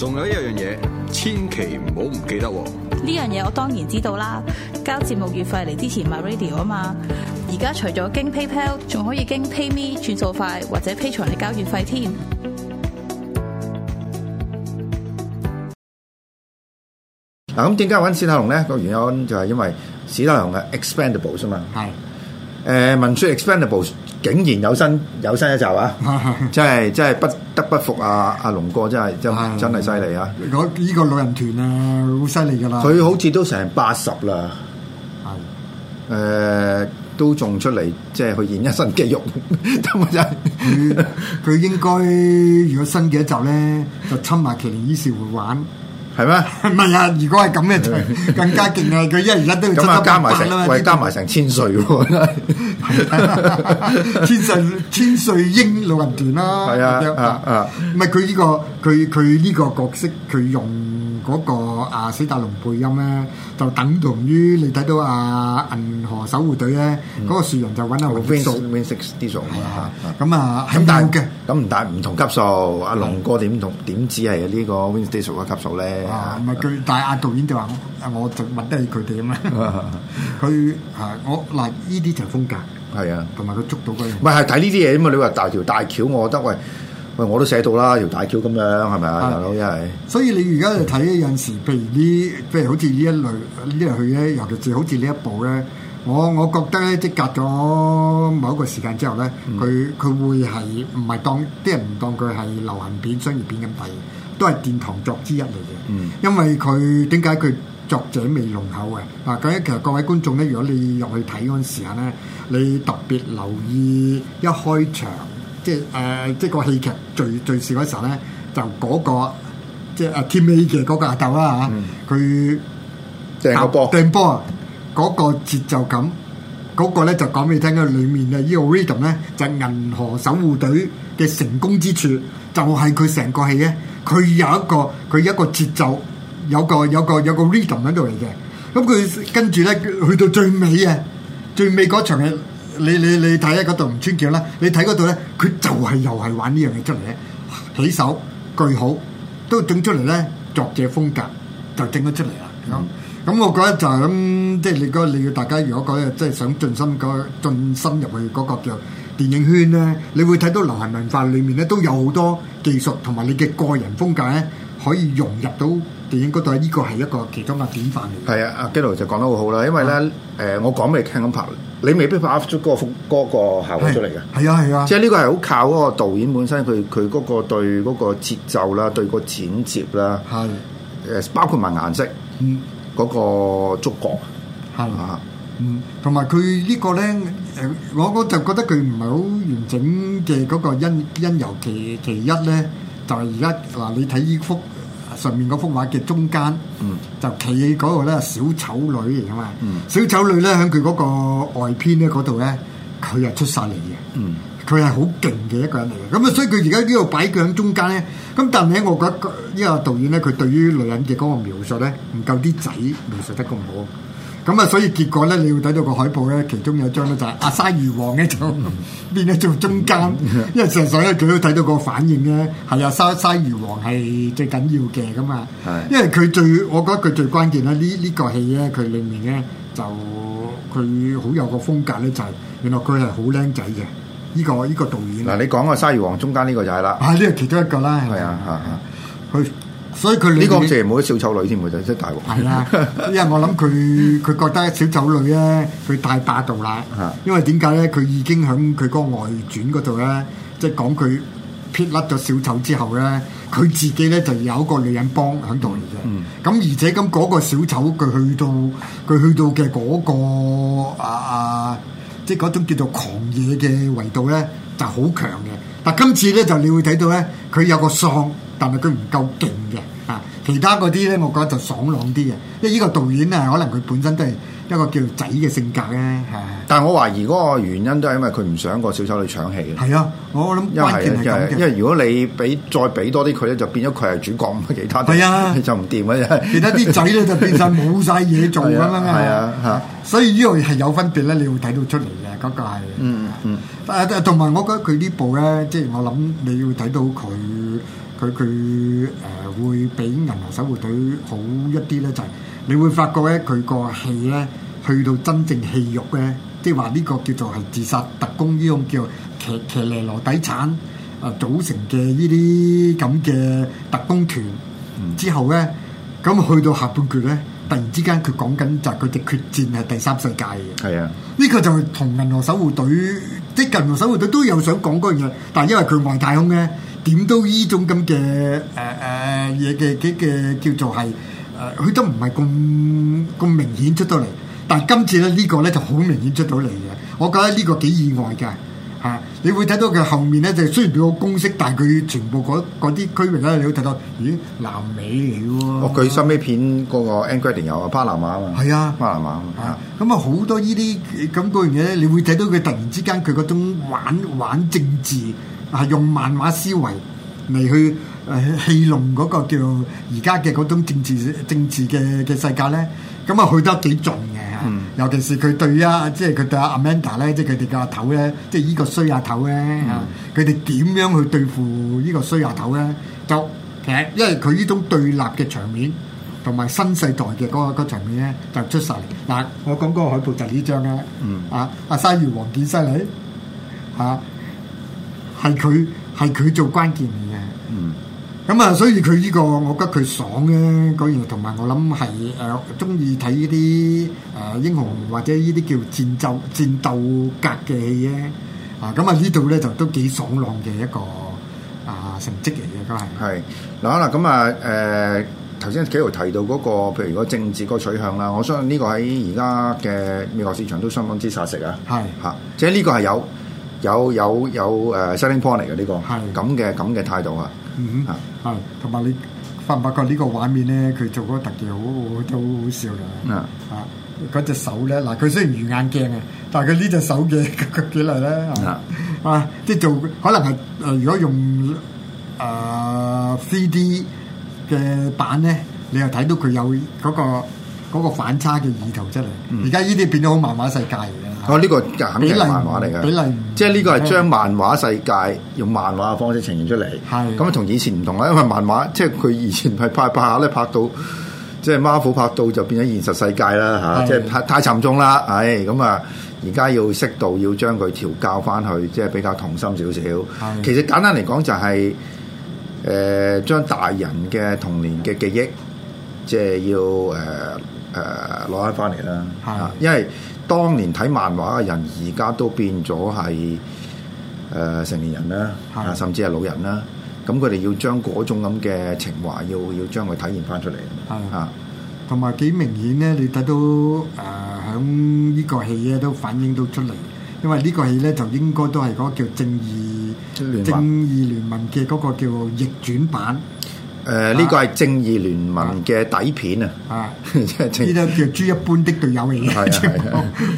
仲有一樣嘢，千祈唔好唔記得喎！呢樣嘢我當然知道啦，交節目月費嚟之前買 radio 啊嘛。而家除咗經 PayPal，仲可以經 PayMe 轉數快，或者 Patreon 嚟交月費添。嗱，咁點解揾史泰龍咧？個原因就係因為史泰龍嘅 Expendables 啫嘛的。係。誒，文書 Expendables。竟然有新有新一集啊！ 真係真係不得不服啊！阿、啊、龍哥真係真係真係犀利啊！如果呢個老人團啊，好犀利噶啦！佢好似都成八十啦，係，誒，都仲出嚟即係去演一身肌肉。佢 佢 應該如果新嘅一集咧，就侵埋奇連伊士活會玩。係咩？唔係 啊！如果係咁嘅，更加勁啊！佢一而家都要七七八加八啦，再加埋成千歲喎！千歲千歲英老人團啦，係啊啊啊！唔係佢呢個佢佢呢個角色，佢用嗰個阿史達龍配音咧，就等同於你睇到啊銀河守護隊咧，嗰個樹人就揾 Vin Diesel。Vin Diesel 啊嚇，咁啊咁但係咁唔但係唔同級數。阿、啊、龍哥點同點知係呢個 Vin Diesel 嘅級數咧？啊，唔係佢，但係阿導演就話： 我我就問得佢哋咁樣。佢啊，我嗱，呢啲就風格係是啊，同埋佢捉到佢。唔係係睇呢啲嘢啊嘛！你話大條大橋，我覺得喂喂，我都寫到啦，條大橋咁樣係咪是啊是？大佬一係。所以你而家就睇有時，譬如呢，譬如好似呢一,一類呢類佢咧，尤其是好似呢一部咧，我我覺得咧，即隔咗某一個時間之後咧，佢佢、嗯、會係唔係當啲人唔當佢係流行片、商業片咁睇？都係殿堂作之一嚟嘅，嗯、因為佢點解佢作者未露口嘅？嗱，咁咧，其實各位觀眾咧，如果你入去睇嗰陣時吓咧，你特別留意一開場，即係誒、呃，即係個戲劇最最笑嗰時候咧，就嗰、那個即係阿 Timmy 嘅嗰個阿豆啦吓，佢定波定波，嗰、那個節奏感，嗰、那個咧就講俾你聽嘅。裏面咧呢個 Rhythm 咧就係銀河守護隊嘅成功之處，就係佢成個戲咧。佢有一個佢一個節奏，有個有個有個 rhythm 喺度嚟嘅。咁佢跟住咧去到最尾啊，最尾嗰場嘅，你你你睇啊嗰度唔穿橋啦，你睇嗰度咧，佢就係又係玩呢樣嘢出嚟嘅，起手句好都整出嚟咧，作者風格就整咗出嚟啦。咁咁、嗯嗯嗯、我覺得就係、是、咁、嗯，即係你嗰個你要大家如果講咧，即係想進身嗰進身入去嗰個橋。電影圈咧，你會睇到流行文化裏面咧，都有好多技術同埋你嘅個人風格咧，可以融入到電影嗰度。依個係一個其中嘅典範嚟。係啊，阿 Gelo 就講得好好啦，因為咧，誒、啊呃，我講俾你聽咁拍，你未必拍個、那個、出嗰個效果出嚟嘅。係啊，係啊，啊即係呢個係好靠嗰個導演本身，佢佢嗰個對嗰個節奏啦，對個剪接啦，係誒、啊，包括埋顏色，嗯，嗰個觸覺，嗯，同埋佢呢個咧，誒、呃，我我就覺得佢唔係好完整嘅嗰個因因由其其一咧，就係而家嗱，你睇呢幅上面嗰幅畫嘅中間，嗯，就企嗰個咧小丑女嚟嘅嘛，嗯，小丑女咧喺佢嗰個外篇咧嗰度咧，佢又出晒嚟嘅，嗯，佢係好勁嘅一個人嚟嘅，咁啊，所以佢而家呢度擺佢喺中間咧，咁但係我覺得呢個導演咧，佢對於女人嘅嗰個描述咧，唔夠啲仔描述得咁好。咁啊、嗯，所以結果咧，你會睇到個海報咧，其中有張咧就係、阿鯊魚王咧就、嗯、變咗做中間，嗯嗯、因為上上咧佢都睇到個反應咧，係啊，沙鯊魚王係最緊要嘅，咁啊，是因為佢最我覺得佢最關鍵咧，呢、這、呢、個這個戲咧佢裡面咧就佢好有個風格咧，就係、是、原來佢係好靚仔嘅呢個呢、這個導演。嗱，你講個鯊魚王中間呢個就係啦，係呢、啊這個其中一個啦，係啊啊，佢。所以佢呢個成日冇啲小丑女先，佢就即係大鑊。係啦，因為我諗佢佢覺得小丑女咧，佢太霸道啦。因為點解咧？佢已經喺佢嗰個外傳嗰度咧，即係講佢撇甩咗小丑之後咧，佢自己咧就有一個女人幫喺度嘅。咁、嗯、而且咁嗰個小丑佢去到佢去到嘅嗰、嗰個啊啊，即係嗰種叫做狂野嘅維度咧，就好、係、強嘅。但今次咧就你會睇到咧，佢有個喪。但係佢唔夠勁嘅，啊！其他嗰啲咧，我覺得就爽朗啲嘅。因為呢個導演啊，可能佢本身都係一個叫仔嘅性格咧。係，但係我懷疑嗰個原因都係因為佢唔想個小丑女搶戲。係啊，我諗完全係咁嘅。因為如果你俾再俾多啲佢咧，就變咗佢係主角，其他係啊，就唔掂啊！其他啲仔咧就變晒冇晒嘢做咁樣啊！係啊，嚇！所以呢樣嘢係有分別咧，你要睇到出嚟嘅，嗰個係。嗯嗯。啊同埋我覺得佢呢部咧，即係我諗你要睇到佢。佢佢誒會比銀河守護隊好一啲咧，就係、是、你會發覺咧，佢個戲咧去到真正戲肉咧，即係話呢個叫做係自殺特攻呢種叫騎騎尼羅底產啊、呃、組成嘅呢啲咁嘅特攻團、嗯、之後咧，咁去到下半段咧，突然之間佢講緊就係佢哋決戰係第三世界嘅。係啊，呢個就係同銀河守護隊即係銀河守護隊都有想講嗰樣嘢，但係因為佢外太空咧。點都依種咁嘅誒誒嘢嘅嘅叫做係誒，佢、呃、都唔係咁咁明顯出到嚟，但今次咧呢個咧就好明顯出到嚟嘅，我覺得呢個幾意外㗎嚇、啊！你會睇到佢後面咧，就雖然佢好公式，但係佢全部嗰啲區域咧，你會睇到咦，南美嚟㗎喎！哦，佢收尾片嗰個 ending 有巴拿馬啊嘛，係啊，巴拿馬啊，咁啊好、啊嗯、多呢啲咁嗰樣嘢，你會睇到佢突然之間佢嗰種玩玩政治。係用漫畫思維嚟去、呃、戲弄嗰個叫而家嘅嗰種政治政治嘅嘅世界咧，咁啊去得幾盡嘅，尤其是佢對啊，即係佢對阿 Am Amanda 咧，即係佢哋嘅阿頭咧，即係呢個衰阿頭咧，佢哋點樣去對付個呢個衰阿頭咧？就其實因為佢呢種對立嘅場面同埋新世代嘅嗰、嗰個嗰個場面咧，就出曬嗱，我講嗰個海報就係呢張啦、啊嗯啊，啊，阿鯊魚王見犀利，嚇、啊。啊啊啊。係佢係佢做關鍵嘅，咁、嗯、啊，所以佢呢個我覺得佢爽咧，嗰樣同埋我諗係誒中意睇呢啲誒英雄或者呢啲叫戰鬥戰鬥格嘅戲啊咁啊，啊呢度咧就都幾爽朗嘅一個啊成績嚟嘅，都係。係嗱嗱咁啊誒頭先幾號提到嗰、嗰個譬如講政治個取向啦，我相信呢個喺而家嘅美國市場都相當之殺食是啊，係嚇，即係呢個係有。有有有誒、uh, selling point 嚟嘅呢個，咁嘅咁嘅態度啊，嚇、嗯哼，係同埋你發唔發覺呢個畫面咧？佢做嗰特技好都好笑㗎，嗯、哼啊，嗰隻手咧，嗱佢雖然魚眼鏡 啊，但係佢呢隻手嘅幾耐咧，係、啊、即係做可能係誒，如果用誒 3D 嘅版咧，你又睇到佢有嗰、嗰個嗰個反差嘅意圖出嚟。而家呢啲變咗好漫畫世界嘅。哦，呢、啊這個簡直漫畫嚟嘅，例即係呢個係將漫畫世界是用漫畫嘅方式呈現出嚟。係咁啊，同以前唔同啦，因為漫畫即係佢以前係拍拍下咧拍到，即係媽虎拍到就變咗現實世界啦嚇是、啊，即係太太沉重啦。唉，咁、嗯、啊，而家要適度，要將佢調教翻去，即係比較童心少少。是其實簡單嚟講就係、是、誒，將、呃、大人嘅童年嘅記憶，即係要誒誒攞翻翻嚟啦。係、呃呃呃啊，因為。當年睇漫畫嘅人，而家都變咗係誒成年人啦，甚至係老人啦。咁佢哋要將嗰種咁嘅情懷，要要將佢體現翻出嚟。係啊，同埋幾明顯咧，你睇到誒響呢個戲咧都反映到出嚟。因為呢個戲咧就應該都係嗰個叫正義正義聯盟嘅嗰個叫逆轉版。誒呢個係《正義聯盟》嘅底片啊！啊，呢個叫豬一般的隊友嚟嘅，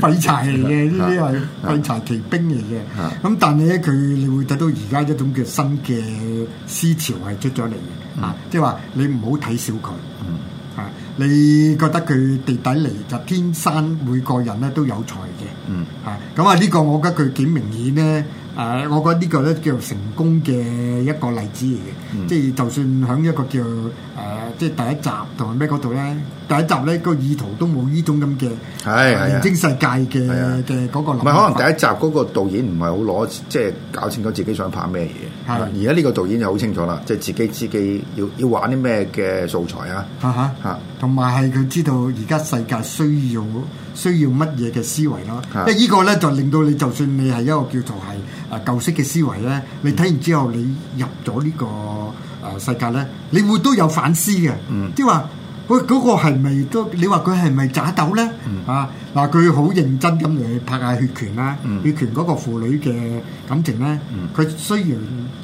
廢柴嚟嘅，呢啲係廢柴奇兵嚟嘅。咁但係咧，佢你會睇到而家一種叫新嘅思潮係出咗嚟嘅，啊，即係話你唔好睇小佢。嗯，啊，你覺得佢地底嚟就天生每個人咧都有才嘅。嗯，啊，咁啊呢個我覺得佢幾明顯咧。誒，uh, 我覺得呢個咧叫做成功嘅一個例子嚟嘅，嗯、即係就算喺一個叫誒、呃，即係第一集同埋咩嗰度咧，第一集咧、嗰個意圖都冇呢種咁嘅，係係精現世界嘅嘅嗰個。唔係、哎呀，可能第一集嗰個導演唔係好攞，即、就、係、是、搞清楚自己想拍咩嘢。係的，而家呢個導演就好清楚啦，即、就、係、是、自己自己要要玩啲咩嘅素材啊。嚇嚇、啊哈，同埋係佢知道而家世界需要。需要乜嘢嘅思維咯？即係呢個咧就令到你，就算你係一個叫做係誒舊式嘅思維咧，嗯、你睇完之後你入咗呢個誒世界咧，你會都有反思嘅。即係話嗰嗰個係咪都？你話佢係咪渣斗咧？嗯、啊嗱，佢好認真咁嚟拍下血拳啦，血拳嗰個父女嘅感情咧，佢雖然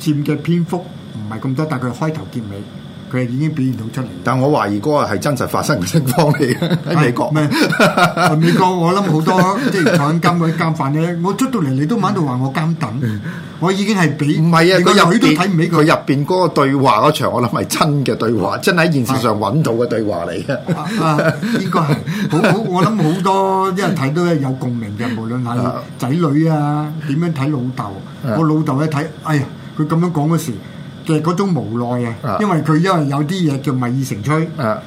佔嘅篇幅唔係咁多，但係佢開頭結尾。佢已經表現到出嚟，但我懷疑嗰個係真實發生嘅情況嚟，喺美國。咩？係美國，我諗好多即係坐緊監嗰啲監犯咧，我出到嚟你都唔喺度話我監等，我已經係俾唔係啊！佢入去都睇唔起佢入邊嗰個對話嗰場，我諗係真嘅對話，真喺現實上揾到嘅對話嚟嘅。呢個係好好，我諗好多，因為睇到有共鳴嘅，無論係仔女啊，點樣睇老豆，我老豆一睇，哎呀，佢咁樣講嗰時。嘅嗰種無奈啊，Yeah. 因為佢因為有啲嘢叫米已成炊，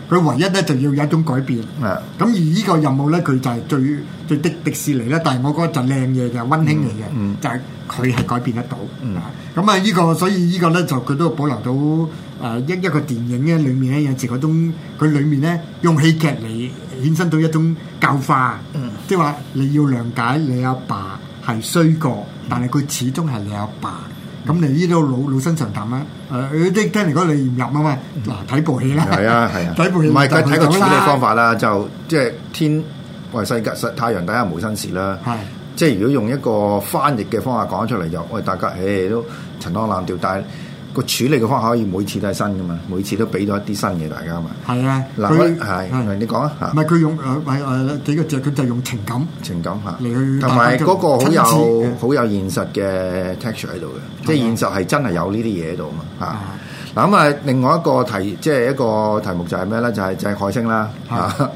佢 Yeah. 唯一咧就要有一種改變。咁 Yeah. 而呢個任務咧，佢就最最的迪，迪士尼咧。但係我覺得就靚嘢、mm hmm. 就温馨嚟嘅，就係佢係改變得到。咁啊、mm，呢、hmm. 呢個所以個呢個咧就佢都保留到誒一、呃、一個電影嘅裡面咧有時嗰種佢裡面咧用戲劇嚟衍生到一種教化，即係話你要諒解你阿爸係衰過，但係佢始終係你阿爸，爸。咁、嗯、你呢度老老生常談啦，誒啲聽你講，如果你唔入啊嘛，嗱睇部戲啦，睇部戲唔係睇個處理方法啦，哎、就即係天喂世隔太陽底下無新事啦，啊、即係如果用一個翻譯嘅方法講出嚟，就喂、哎、大家誒、哎、都陳腔濫調，但係，個處理嘅方法可以每次都係新㗎嘛，每次都俾到一啲新嘅大家嘛。係啊，嗱，係，你講啊，唔係佢用誒，唔係誒幾個字，佢就係用情感，情感吓同埋嗰個好有好有現實嘅 texture 喺度嘅，即係現實係真係有呢啲嘢喺度嘛。吓，嗱咁啊，另外一個題，即係一個題目就係咩咧？就係就係海星啦，吓，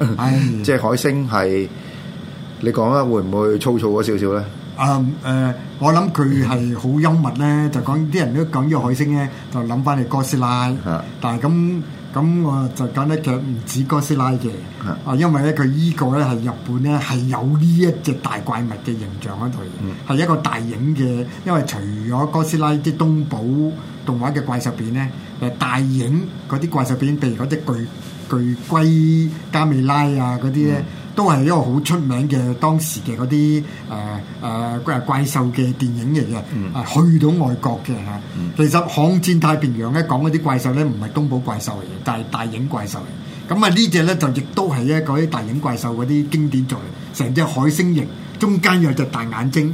即係海星係你講下，會唔會粗糙咗少少咧？誒誒、um, 呃，我諗佢係好幽默咧，嗯、就講啲人都講依個海星咧，就諗翻你哥斯拉。嗯、但係咁咁，我就講咧，佢唔止哥斯拉嘅。啊、嗯，因為咧佢依個咧係日本咧係有呢一隻大怪物嘅形象喺度，係、嗯、一個大影嘅。因為除咗哥斯拉啲東寶動畫嘅怪獸片咧，誒大影嗰啲怪獸片，譬如嗰啲巨巨龜加美拉啊嗰啲咧。嗯都係一個好出名嘅當時嘅嗰啲誒誒怪怪獸嘅電影嚟嘅，嗯、去到外國嘅。嗯、其實《巷戰太平洋》咧講嗰啲怪獸咧，唔係東寶怪獸嚟嘅，但係大映怪獸嚟。咁啊呢隻咧就亦都係一嗰啲大映怪獸嗰啲經典作嚟，成隻海星型，中間有隻大眼睛。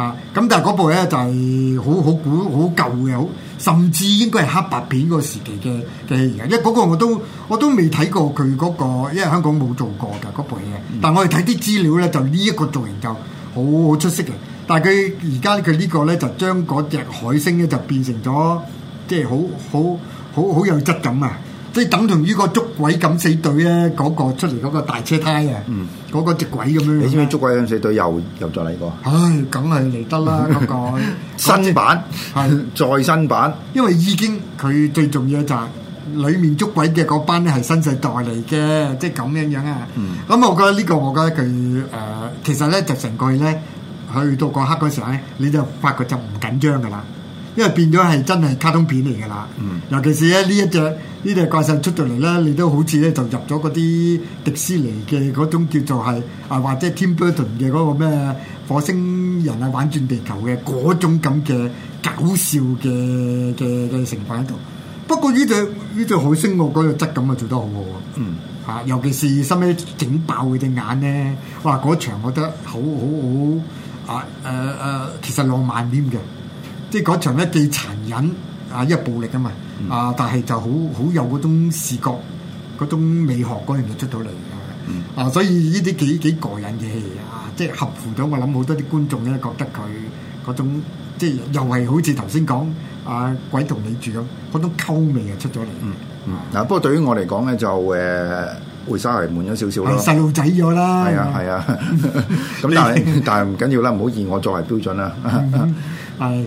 啊！咁但係嗰部咧就係好好古好舊嘅，好甚至應該係黑白片嗰個時期嘅嘅戲。因為嗰個我都我都未睇過佢嗰個，因為香港冇做過㗎嗰部嘢。但係我哋睇啲資料咧，就呢一個造型就好好出色嘅。但係佢而家佢呢個咧就將嗰隻海星咧就變成咗，即係好好好好有質感啊！即係等同於個捉鬼敢死隊咧，嗰、那個出嚟嗰個大車胎啊，嗰、嗯、個隻鬼咁樣。你知唔知捉鬼敢死隊又又再嚟過？唉、哎，梗係嚟得啦，咁講、 那個。新版係是再新版，因為已經佢最重要就係裡面捉鬼嘅嗰班咧係新世代嚟嘅，即係咁樣樣啊。咁、嗯、我覺得呢個我覺得佢誒、呃，其實咧就成個咧，去到嗰刻嗰時候咧，你就發覺就唔緊張噶啦，因為變咗係真係卡通片嚟噶啦。嗯、尤其是咧呢一隻。呢對怪獸出到嚟咧，你都好似咧就入咗嗰啲迪士尼嘅嗰種叫做係，啊，或者 Tim Burton 嘅嗰個咩火星人啊玩轉地球嘅嗰種咁嘅搞笑嘅嘅嘅成分喺度。不過呢對呢對海星我嗰個質感啊做得好好、啊、喎。嗯，嚇、啊，尤其是收尾整爆佢隻眼咧，哇！嗰場我覺得好好好，好啊誒誒、啊啊啊，其實浪漫啲嘅，即係嗰場咧既殘忍啊又暴力啊嘛～啊！但係就好好有嗰種視覺，嗰種美學嗰樣嘢出到嚟啊！啊，所以呢啲幾幾過癮嘅戲啊，即係合乎到我諗好多啲觀眾咧，覺得佢嗰種即係又係好似頭先講啊，鬼同你住咁，嗰種溝味啊出咗嚟。嗯嗯。嗱，不過對於我嚟講咧，就誒，會稍微悶咗少少咯。細路仔咗啦。係啊係啊。咁但係但係唔緊要啦，唔好以我作為標準啦。係。